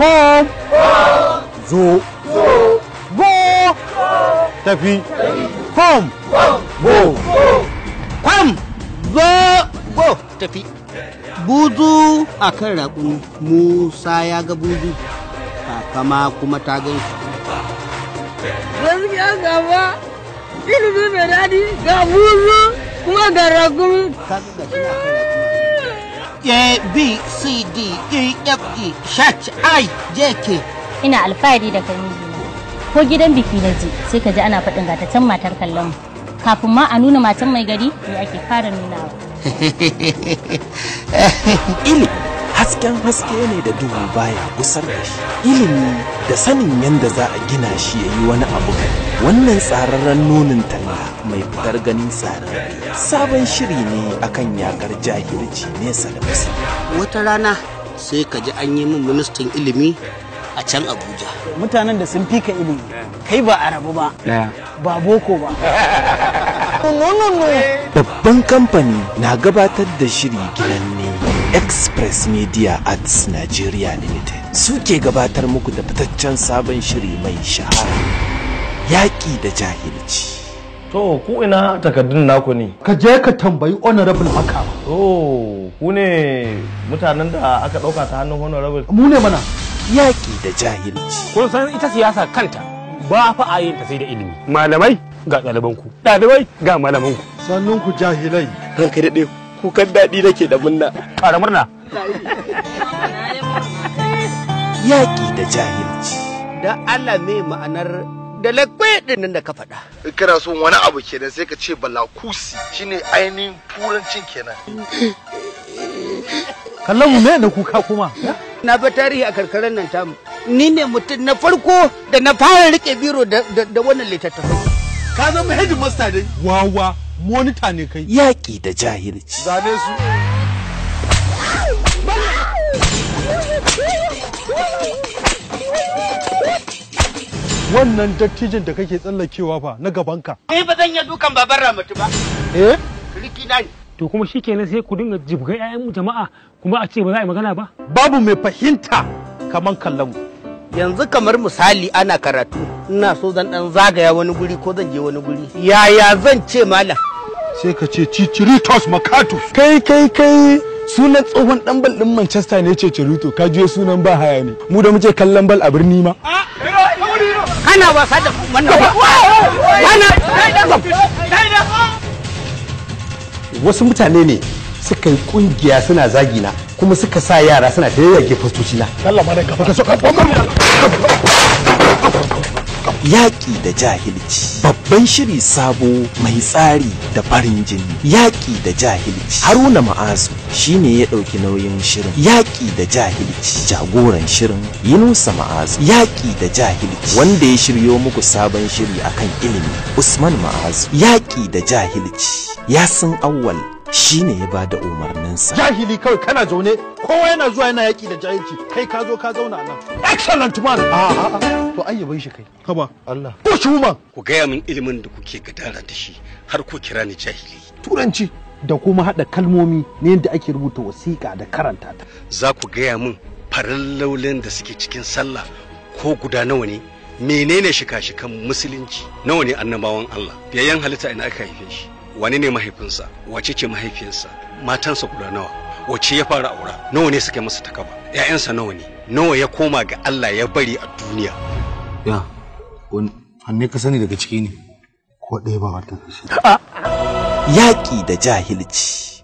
Home. Zo. Go. Tafi. Kom. Go. Kom. Zo. Go. Tafi. Buzu a kan raƙu Musa ya ga buzu, kama kuma ta gan shi. Gaskiya gaba, ilimi mai daɗi ga buzu kuma ga raƙu. Ka ga shi a kan A B C D E F E H I J K ina alfahari da kai ko gidan biki na ji sai ka ji ana faɗin gataccen matar kallon kafin ma a nuna matan mai gari me ake fara nunawa ilimi hasken haske ne da duhu baya gusar da shi ilimi da sanin yadda za a gina shi ya yi wani abu wannan tsararren nonin talla mai fitar ganin tsarin sabon shiri ne akan yakar jahilci nesa da wasu wata rana sai ka ji an yi min ministan ilimi a can abuja mutanen da sun fi ka ilimi kai ba arabu ba ba boko ba babban kamfani na gabatar da shiri gidan express media arts nigeria limited suke gabatar muku da fitaccen sabon shiri mai shahara yaƙi da jahilci to ku ina takardun naku ne ka je ka tambayi honorable haka to ku ne mutanen da aka ɗauka ta hannun honorable mu ne mana yaƙi da jahilci kun san ita siyasa kanta ba fa a yin ta sai da ilimi malamai ga ɗalibanku ɗalibai ga malamanku sannunku jahilai ranka daɗe kukan daɗi nake da munna ƙara murna yaƙi da jahilci da Allah me ma'anar da lakwe din nan da ka faɗa in kana son wani abu kenan sai ka ce balakusi shine ainihin turancin kenan kallon mu ne da kuka kuma na ba tarihi a karkarar nan tamu ni ne mutum na farko da na fara rike biro da wannan littattafai ka zama hedimasta dai wawa monita ne kai yaƙi da jahilci zane su wannan dattijin da kake tsallakewa fa na gabanka eh ba zan yi dukan babar ramatu ba eh kiriki na ne to kuma shikenan sai ku dinga jibga ƴaƴan jama'a kuma a ce ba za a yi magana ba babu mai fahimta kaman kallon yanzu kamar misali ana karatu ina so zan dan zagaya wani guri ko zan je wani guri yaya zan ce malam sai ka ce Chichiritos Makatus. Kai kai kai sunan tsohon dan bal din Manchester ne Chicharito ka je sunan ba haya ne. Mu da muke kallon bal a birni ma. Kana wasa da wannan Wasu mutane ne suka yi kungiya suna zagina kuma suka sa yara suna da yayyage fastoci na. Allah ma da gaba. yaƙi da jahilci babban shiri sabo mai tsari da farin jini yaƙi da jahilci haruna ma'azu shine ya ɗauki nauyin shirin yaƙi da jahilci jagoran shirin yunusa ma'azu yaƙi da jahilci wanda ya shiryo muku sabon shiri akan ilimi usman ma'azu yaƙi da jahilci yasin awwal shi ne ya ba da umarninsa. Jahili kawai kana zaune kowa yana zuwa yana yaƙi da jahilci kai ka zo ka zauna nan. Excellent man. A ah, a ah, ah. to ai bai shi kai. Haba. Allah. Ko shi Ku gaya min ilimin da kuke gadara da shi har ko kira ni jahili. Turanci da kuma haɗa kalmomi ne yadda ake rubuta wasiƙa da karanta ta. Za ku gaya min farallolin da suke cikin sallah ko guda nawa ne menene shika-shikan musulunci nawa ne annabawan Allah biyayyen halitta ina aka haife shi. wani ne mahaifinsa wace ce mahaifiyarsa matansa guda nawa wace ya fara aura nawa ne suka masa takaba ya'yansa nawa ne nawa ya koma ga Allah ya bari a duniya ya hannu ka sani daga ciki ne ko ɗaya ba wata yaƙi da jahilci